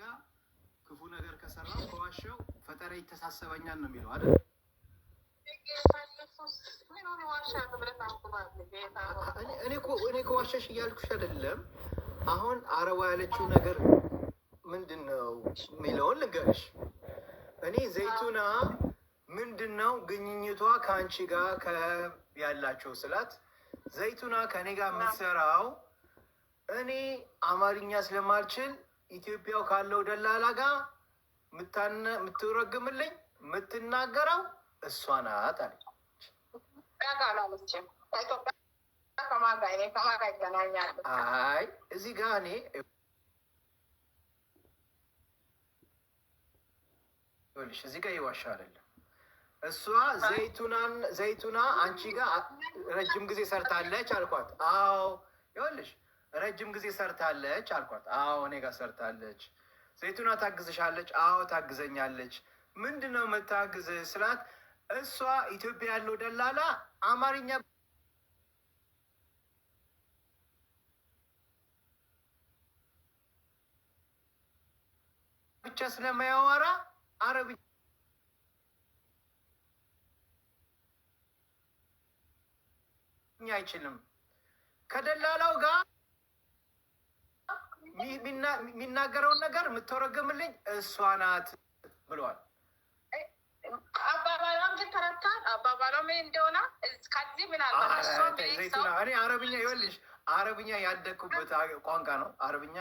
ጋ ክፉ ነገር ከሰራው ከዋሸው ፈጠረ ይተሳሰበኛል ነው የሚለው አይደል? እኔ ከዋሸሽ እያልኩሽ አይደለም። አሁን አረባ ያለችው ነገር ምንድን ነው የሚለውን ልንገርሽ። እኔ ዘይቱና ምንድን ነው ግንኙቷ ከአንቺ ጋር ያላቸው ስላት፣ ዘይቱና ከእኔ ጋር የምትሰራው እኔ አማርኛ ስለማልችል ኢትዮጵያ ካለው ደላላ ጋር የምትረግምልኝ የምትናገረው እሷ ናት አለ። አይ እዚህ ጋ እኔ እዚህ ጋ ይዋሻ አይደለም። እሷ ዘይቱና አንቺ ጋር ረጅም ጊዜ ሰርታለች አልኳት። አዎ ይኸውልሽ ረጅም ጊዜ ሰርታለች አልኳት። አዎ እኔ ጋር ሰርታለች። ዘይቱና ታግዝሻለች? አዎ ታግዘኛለች። ምንድን ነው መታግዝ ስላት እሷ ኢትዮጵያ ያለው ደላላ አማርኛ ብቻ ስለማያወራ አረብ አይችልም ከደላላው ጋር የሚናገረውን ነገር የምተረግምልኝ እሷ ናት ብለዋል። አባባሏም ግን ተረታል። አባባሏም እንደሆነ ከዚህ ምን እኔ አረብኛ ይኸውልሽ፣ አረብኛ ያደግኩበት ቋንቋ ነው። አረብኛ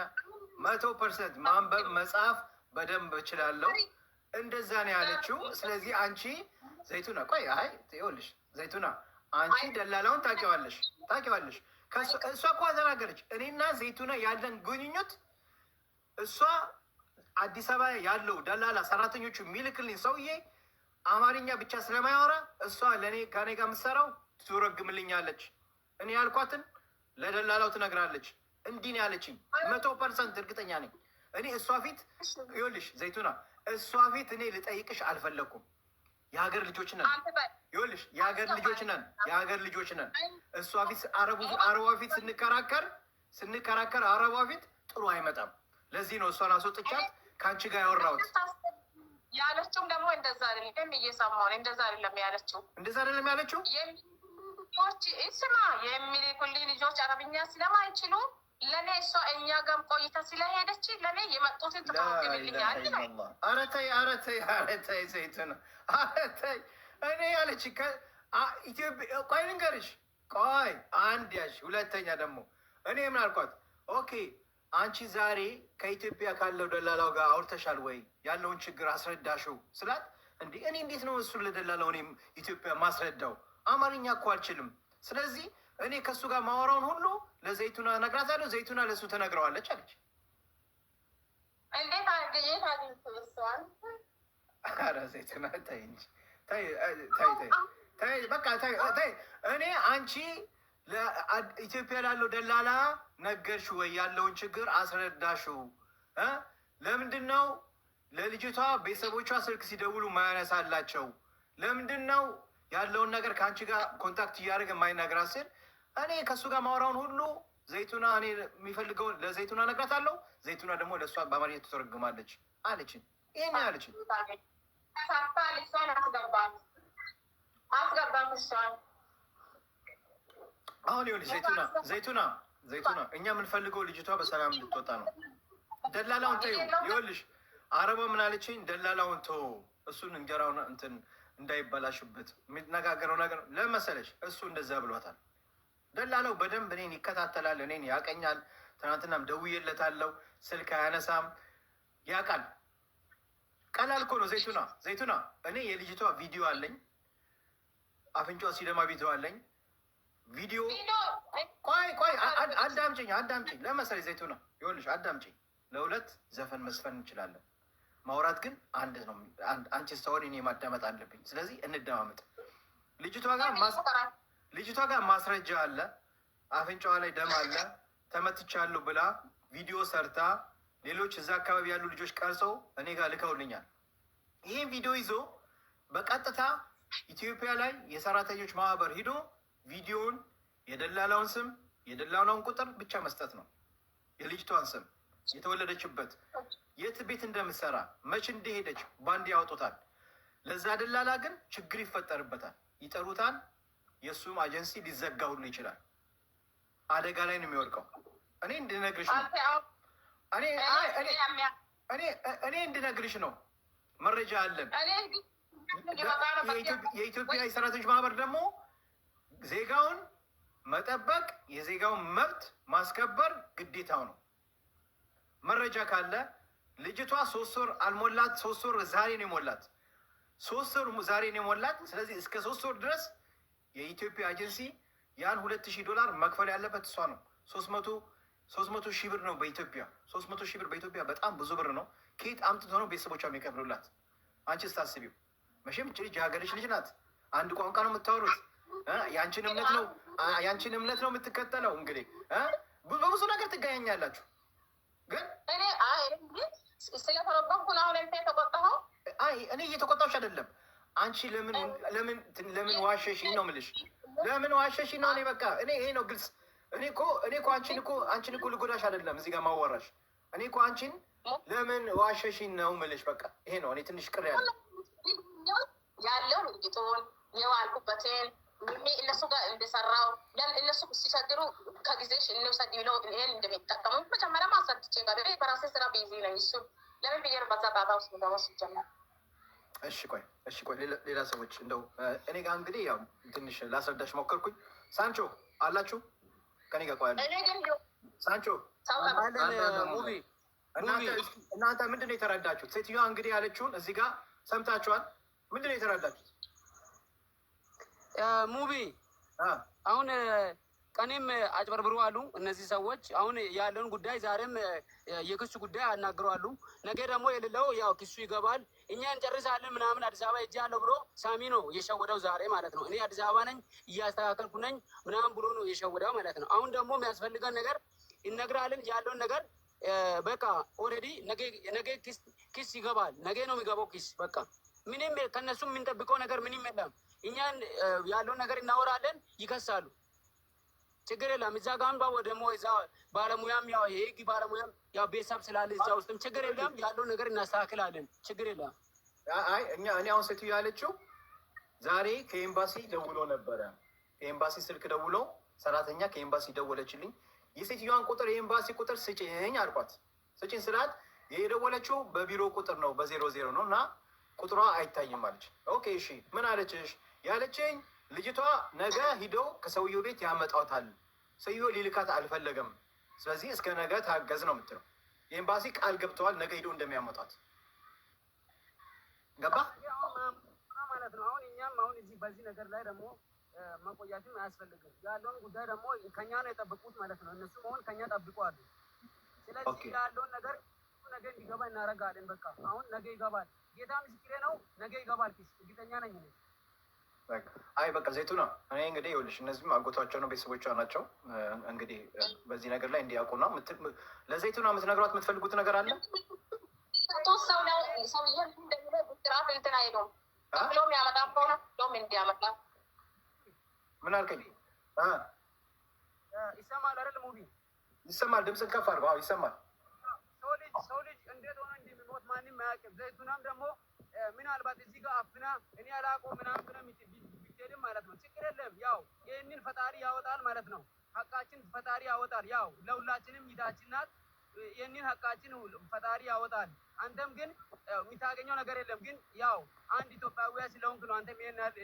መቶ ፐርሰንት ማንበብ መጽሐፍ በደንብ እችላለሁ። እንደዛ ነው ያለችው። ስለዚህ አንቺ ዘይቱና ቆይ፣ አይ ይኸውልሽ፣ ዘይቱና አንቺ ደላላውን ታውቂዋለሽ ታውቂዋለሽ እሷ እኮ ተናገረች። እኔና ዘይቱና ያለን ግንኙነት እሷ አዲስ አበባ ያለው ደላላ ሰራተኞቹ የሚልክልኝ ሰውዬ አማርኛ ብቻ ስለማያወራ እሷ ለእኔ ከኔ ጋር የምትሰራው ትረግምልኛለች። እኔ ያልኳትን ለደላላው ትነግራለች። እንዲህ ነው ያለችኝ። መቶ ፐርሰንት እርግጠኛ ነኝ። እኔ እሷ ፊት ይኸውልሽ ዘይቱና እሷ ፊት እኔ ልጠይቅሽ አልፈለግኩም። የሀገር ልጆች ነን። ይኸውልሽ የሀገር ልጆች ነን፣ የሀገር ልጆች ነን። እሷ ፊት አረቧ ፊት ስንከራከር ስንከራከር አረቧ ፊት ጥሩ አይመጣም። ለዚህ ነው እሷን አስወጥቻት ከአንቺ ጋር ያወራሁት። ያለችውም ደግሞ እንደዛ አይደለም፣ እየሰማሁ ነው። እንደዛ አይደለም ያለችው፣ እንደዛ አይደለም ያለችው። ስማ የሚልኩልኝ ልጆች አረብኛ ስለማይችሉ ለእኔ እሷ እኛ ጋም ቆይታ ስለሄደች ለእኔ የመጡትን ኧረ ተይ ዘይቱና፣ ኧረ ተይ። እኔ ያለች ቆይ ልንገርሽ፣ ቆይ አንድ ያልሽ፣ ሁለተኛ ደግሞ እኔ ምን አልኳት? ኦኬ አንቺ ዛሬ ከኢትዮጵያ ካለው ደላላው ጋር አውርተሻል ወይ? ያለውን ችግር አስረዳሽው ስላት፣ እንዴ እኔ እንዴት ነው እሱን ለደላላው እኔም ኢትዮጵያ ማስረዳው? አማርኛ እኮ አልችልም። ስለዚህ እኔ ከእሱ ጋር ማወራውን ሁሉ ለዘይቱና እነግራታለሁ፣ ዘይቱና ለእሱ ተነግረዋለች አለች። እኔ አንቺ ኢትዮጵያ ላለው ደላላ ነገርሽ ወይ ያለውን ችግር አስረዳሽው። ለምንድን ነው ለልጅቷ ቤተሰቦቿ ስልክ ሲደውሉ ማያነሳላቸው? ለምንድን ነው ያለውን ነገር ከአንቺ ጋር ኮንታክት እያደረገ ማይነግራት እኔ ከእሱ ጋር ማውራውን ሁሉ ዘይቱና እኔ የሚፈልገውን ለዘይቱና እነግራታለሁ። ዘይቱና ደግሞ ለእሷ በአማርኛ ትተረግማለች አለችን። ይህን አለችን። አሁን ይኸውልሽ ዘይቱና ዘይቱና ዘይቱና እኛ የምንፈልገው ልጅቷ በሰላም እንድትወጣ ነው። ደላላውን ተይው። ይኸውልሽ አረቧ ምን አለችኝ? ደላላውን ተው፣ እሱን እንጀራውን እንትን እንዳይበላሽበት የሚነጋገረው ነገር ለመሰለሽ እሱ እንደዛ ብሏታል። ደላላው በደንብ እኔን ይከታተላል፣ እኔን ያቀኛል። ትናንትናም ደውዬለታለሁ፣ ስልክ አያነሳም፣ ያውቃል። ቀላል እኮ ነው። ዘይቱና ዘይቱና፣ እኔ የልጅቷ ቪዲዮ አለኝ፣ አፍንጫ ሲደማ ቪዲዮ አለኝ። ቪዲዮ ቆይ ቆይ፣ አዳምጪኝ አዳምጪኝ። ለመሰለኝ ዘይቱና፣ ይኸውልሽ፣ አዳምጪኝ። ለሁለት ዘፈን መስፈን እንችላለን፣ ማውራት ግን አንድ ነው። አንቺ ስታወሪ እኔ ማዳመጥ አለብኝ። ስለዚህ እንደማመጥ ልጅቷ ጋር ማስ ልጅቷ ጋር ማስረጃ አለ፣ አፍንጫዋ ላይ ደም አለ፣ ተመትቻለሁ ብላ ቪዲዮ ሰርታ ሌሎች እዛ አካባቢ ያሉ ልጆች ቀርጸው እኔ ጋር ልከውልኛል። ይህን ቪዲዮ ይዞ በቀጥታ ኢትዮጵያ ላይ የሰራተኞች ማህበር ሂዶ ቪዲዮውን የደላላውን ስም የደላላውን ቁጥር ብቻ መስጠት ነው። የልጅቷን ስም፣ የተወለደችበት፣ የት ቤት እንደምትሰራ፣ መች እንደሄደች ባንድ ያወጡታል። ለዛ ደላላ ግን ችግር ይፈጠርበታል፣ ይጠሩታል የእሱም አጀንሲ ሊዘጋ ሁሉ ይችላል። አደጋ ላይ ነው የሚወድቀው። እኔ እንድነግርሽ ነው እኔ እንድነግርሽ ነው። መረጃ አለን። የኢትዮጵያ የሰራተኞች ማህበር ደግሞ ዜጋውን መጠበቅ የዜጋውን መብት ማስከበር ግዴታው ነው። መረጃ ካለ ልጅቷ ሶስት ወር አልሞላት፣ ሶስት ወር ዛሬ ነው የሞላት፣ ሶስት ወር ዛሬ ነው የሞላት። ስለዚህ እስከ ሶስት ወር ድረስ የኢትዮጵያ ኤጀንሲ ያን ሁለት ሺህ ዶላር መክፈል ያለበት እሷ ነው። ሶስት መቶ ሶስት መቶ ሺህ ብር ነው በኢትዮጵያ ሶስት መቶ ሺህ ብር በኢትዮጵያ በጣም ብዙ ብር ነው። ከየት አምጥቶ ነው ቤተሰቦቿ የሚቀብሉላት? አንቺ ስታስቢው መቼም ጭ ልጅ የሀገርሽ ልጅ ናት። አንድ ቋንቋ ነው የምታወሩት። ያንቺን እምነት ነው ያንቺን እምነት ነው የምትከተለው። እንግዲህ በብዙ ነገር ትገናኛላችሁ። ግን እኔ ስለተረበኩ አሁን ተቆጣሁ። እኔ እየተቆጣሁሽ አይደለም አንቺ ለምን ለምን ለምን ዋሸሽኝ ነው የምልሽ። ለምን ዋሸሽኝ ነው? እኔ በቃ እኔ ይሄ ነው ግልጽ። እኔ እኮ እኔ እኮ አንቺን እኮ አንቺን እኮ ልጎዳሽ አይደለም እዚህ ጋር ማወራሽ። እኔ እኮ አንቺን ለምን ዋሸሽኝ ነው የምልሽ። በቃ ይሄ ነው። እኔ ትንሽ ቅር ያለው ያለው ድርጊቱን የዋልኩበትን እነሱ ጋር እንደሰራው ለምን እነሱ ሲሰድሩ ከጊዜሽ እንውሰድ ብለው ይሄን እንደሚጠቀሙ መጀመሪያ ማሰድቼ ጋር በራሴ ስራ ቢዚ ነኝ። እሱ ለምን ብዬር በዛ ጣጣ ውስጥ ደመስ ይጀመር እሺ ቆይ እሺ ቆይ ሌላ ሰዎች እንደው እኔ ጋር እንግዲህ ያው ትንሽ ላስረዳሽ ሞከርኩኝ። ሳንቾ አላችሁ ከኔ ጋር ቆያለ ሳንቾ እናንተ ምንድን ነው የተረዳችሁት? ሴትዮዋ እንግዲህ ያለችውን እዚህ ጋር ሰምታችኋል። ምንድን ነው የተረዳችሁት? ሙቪ አሁን ቀኔም አጭበርብረዋሉ አሉ እነዚህ ሰዎች። አሁን ያለውን ጉዳይ ዛሬም የክሱ ጉዳይ አናግረዋሉ። ነገ ደግሞ የሌለው ያው ክሱ ይገባል፣ እኛ እንጨርሳለን ምናምን አዲስ አበባ እጅ ያለው ብሎ ሳሚ ነው የሸወደው ዛሬ ማለት ነው። እኔ አዲስ አበባ ነኝ እያስተካከልኩ ነኝ ምናምን ብሎ ነው የሸወደው ማለት ነው። አሁን ደግሞ የሚያስፈልገን ነገር ይነግራልን ያለውን ነገር በቃ ኦልሬዲ ነገ ክስ ይገባል። ነገ ነው የሚገባው ክስ በቃ ምንም ከነሱ የምንጠብቀው ነገር ምንም የለም። እኛን ያለውን ነገር እናወራለን፣ ይከሳሉ። ችግር የለም። እዛ ጋም ጋር ደግሞ ሞዛ ባለሙያም ያው የህግ ባለሙያም ያው ቤተሰብ ስላለ እዛ ውስጥም ችግር የለም። ያለው ነገር እናስተካክላለን። ችግር የለም። አይ እኛ እኔ አሁን ሴትዮ ያለችው ዛሬ ከኤምባሲ ደውሎ ነበረ። ከኤምባሲ ስልክ ደውሎ ሰራተኛ ከኤምባሲ ደወለችልኝ። የሴትዮዋን ቁጥር የኤምባሲ ቁጥር ስጭኝ አልኳት። ስጭኝ ስላት የደወለችው በቢሮ ቁጥር ነው፣ በዜሮ ዜሮ ነው እና ቁጥሯ አይታይም አለች። ኦኬ እሺ ምን አለችሽ ያለችኝ ልጅቷ ነገ ሂዶ ከሰውየው ቤት ያመጣታል። ሰውየው ሊልካት አልፈለገም። ስለዚህ እስከ ነገ ታገዝ ነው የምትለው። የኤምባሲ ቃል ገብተዋል፣ ነገ ሂዶ እንደሚያመጣት ገባ ማለት ነው። አሁን እኛም አሁን እዚህ በዚህ ነገር ላይ ደግሞ መቆያትም አያስፈልግም። ያለውን ጉዳይ ደግሞ ከኛ ነው የጠበቁት ማለት ነው። እነሱ መሆን ከኛ አሉ። ስለዚህ ያለውን ነገር ነገ እንዲገባ እናደርጋለን። በቃ አሁን ነገ ይገባል። ጌታ ምስክሬ ነው። ነገ ይገባል። እርግጠኛ ነኝ። አይ በቃ ዘይቱና እኔ እንግዲህ ይኸውልሽ እነዚህም አጎቷቸው ነው ቤተሰቦቿ ናቸው። እንግዲህ በዚህ ነገር ላይ እንዲያውቁ ነው። ለዘይቱና የምትነግሯት የምትፈልጉት ነገር አለ። ምን አልከኝ? ይሰማል አይደል? ሙቢ ይሰማል። ድምፅን ከፍ አድርገው ይሰማል። ሰው ልጅ እንዴት ሆነ እንደሚሞት ማንም አያውቅም። ዘይቱናም ደግሞ ምናልባት እዚህ ጋር ምናምን እኔ አላውቀውም ምናምን ብለን ቢሄድም ማለት ነው ችግር የለም። ያው ይህንን ፈጣሪ ያወጣል ማለት ነው። ሀቃችን ፈጣሪ ያወጣል። ያው ለሁላችንም ሚታችን ናት። ይህንን ሀቃችን ፈጣሪ ያወጣል። አንተም ግን የሚታገኘው ነገር የለም። ግን ያው አንድ ኢትዮጵያዊ ስለሆንክ ነው አንተም ይሄን ያህል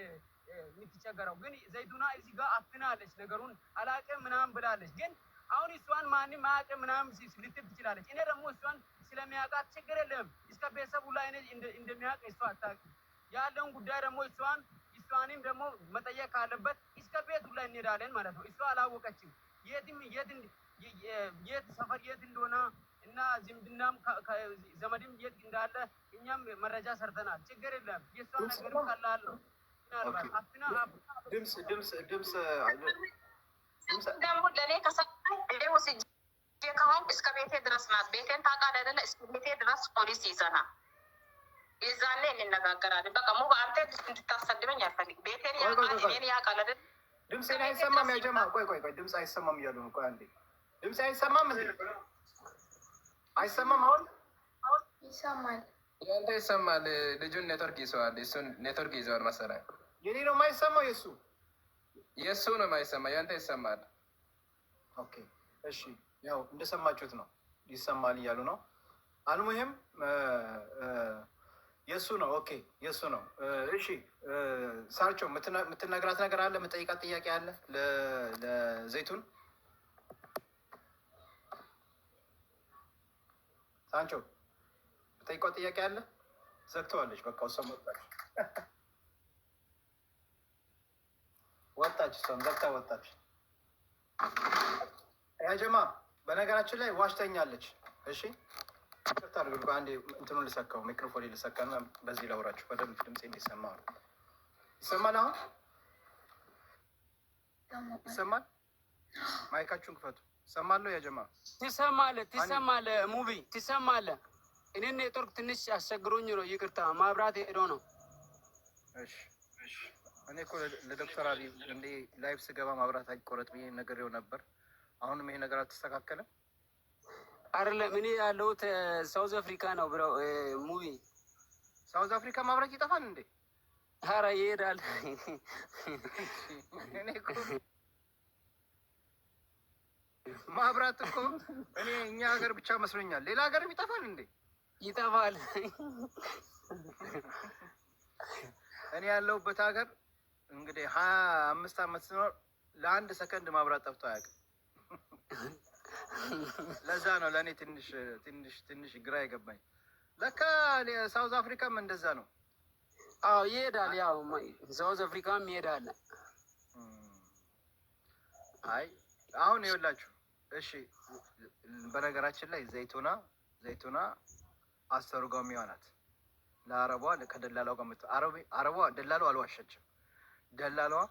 የምትቸገረው። ግን ዘይቱና እዚህ ጋር አፍናለች ነገሩን አላውቅም ምናምን ብላለች። ግን አሁን እሷን ማንም አያውቅም ምናምን ልትል ትችላለች። እኔ ደግሞ እሷን ስለሚያውቃት ችግር የለም። እስከ ቤተሰቡ ላይ እንደሚያውቅ እሷ አታውቅም። ያለውን ጉዳይ ደግሞ እሷን እሷንም ደግሞ መጠየቅ ካለበት እስከ ቤቱ ላይ እንሄዳለን ማለት ነው። እሷ አላወቀችም የትም የት የት ሰፈር የት እንደሆነ እና ዝምድናም ዘመድም የት እንዳለ እኛም መረጃ ሰርተናል። ችግር የለም። የእሷ ነገር ቀላል ነው። ድምፅ ድምፅ ድምፅ ደግሞ ለእኔ ከሰ ሲ ከሆን እስከ ቤቴ ድረስ ናት። ቤቴን ታውቃለህ አይደለ? እስከ ቤቴ ድረስ ፖሊስ ይዘናል። የዛኔ እንነጋገራለን። በቃ ሞ በአንተ እንድታሳድበኝ አልፈልግ። ቤቴን ያቃልን ያቃል። ድምፅ አይሰማም። ያጀማ ቆይ ቆይ ቆይ፣ ድምፅ አይሰማም እያሉ ነው። ቆይ አንዴ፣ ድምፅ አይሰማም፣ አይሰማም። አሁን ይሰማል። ያንተ ይሰማል። ልጁን ኔትወርክ ይዘዋል። እሱን ኔትወርክ ይዘዋል መሰለኝ። የኔ ነው የማይሰማው፣ የእሱ የእሱ ነው የማይሰማ። ያንተ ይሰማል። ኦኬ፣ እሺ፣ ያው እንደሰማችሁት ነው። ይሰማል እያሉ ነው። አልሙሄም የእሱ ነው። ኦኬ የእሱ ነው። እሺ ሳርቸው የምትነግራት ነገር አለ፣ የምጠይቃት ጥያቄ አለ ለዘይቱን። ሳንቾ የምጠይቋት ጥያቄ አለ። ዘግተዋለች። በቃ እሷም ወጣች ወጣች፣ እሷም ዘግታ ወጣች። ያጀማ በነገራችን ላይ ዋሽተኛለች። እሺ ይቅርታ አድርጉ። አንዴ እንትኑ ልሰካው፣ ሚክሮፎን በዚህ ላውራችሁ በደንብ ድምፅ እንዲሰማ ይሰማል? አሁን ይሰማል? ማይካችሁን ክፈቱ። ያጀማ? ትሰማለ፣ ትሰማለ፣ ሙቪ ትሰማለ። እኔ ኔትወርክ ትንሽ አስቸግሮኝ ነው፣ ይቅርታ ማብራት ሄዶ ነው። እሺ፣ እኔ እኮ ለዶክተር አብይ እንዴ ላይፍ ስገባ ማብራት አይቆረጥ ብዬ ነግሬው ነበር። አሁንም ይሄ ነገር አልተስተካከለም። አይደለም እኔ ያለሁት ሳውዝ አፍሪካ ነው ብሎ ሙቪ ሳውዝ አፍሪካ ማብራት ይጠፋል እንዴ? ኧረ ይሄዳል። ማብራት እኮ እኔ እኛ ሀገር ብቻ መስሎኛል። ሌላ ሀገርም ይጠፋል እንዴ? ይጠፋል። እኔ ያለሁበት ሀገር እንግዲህ ሀያ አምስት አመት ስኖር ለአንድ ሰከንድ ማብራት ጠፍቶ አያውቅም። ለዛ ነው ለእኔ ትንሽ ትንሽ ትንሽ ግራ የገባኝ። ለካ ሳውዝ አፍሪካም እንደዛ ነው። አዎ ይሄዳል፣ ያው ሳውዝ አፍሪካም ይሄዳል። አይ አሁን ይኸውላችሁ፣ እሺ በነገራችን ላይ ዘይቱና ዘይቱና አስተርጓሚዋ ሆናት ለአረቧ ከደላላው ጋር አረቧ ደላላው አልዋሸችም። ደላላዋ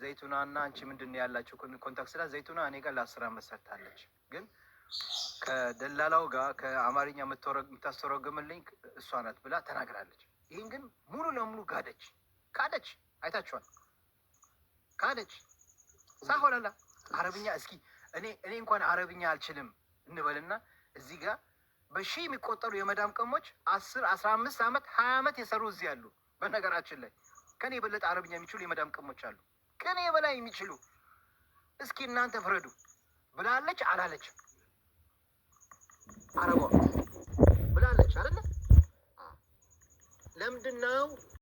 ዘይቱና እና አንቺ ምንድን ያላቸው ኮንታክት ስላት ዘይቱና እኔ ጋር ለአስር አመት ሰርታለች። ግን ከደላላው ጋር ከአማርኛ የምታስተረግምልኝ እሷ ናት ብላ ተናግራለች። ይህን ግን ሙሉ ለሙሉ ጋደች፣ ካደች። አይታችኋል፣ ካደች። ሳሆላላ አረብኛ እስኪ እኔ እኔ እንኳን አረብኛ አልችልም እንበልና እዚህ ጋር በሺህ የሚቆጠሩ የመዳም ቀሞች አስር አስራ አምስት አመት ሀያ አመት የሰሩ እዚህ አሉ። በነገራችን ላይ ከኔ የበለጠ አረብኛ የሚችሉ የመዳም ቀሞች አሉ። ከኔ በላይ የሚችሉ እስኪ እናንተ ፍረዱ ብላለች አላለች አረቧ ብላለች አይደለ? ለምንድን ነው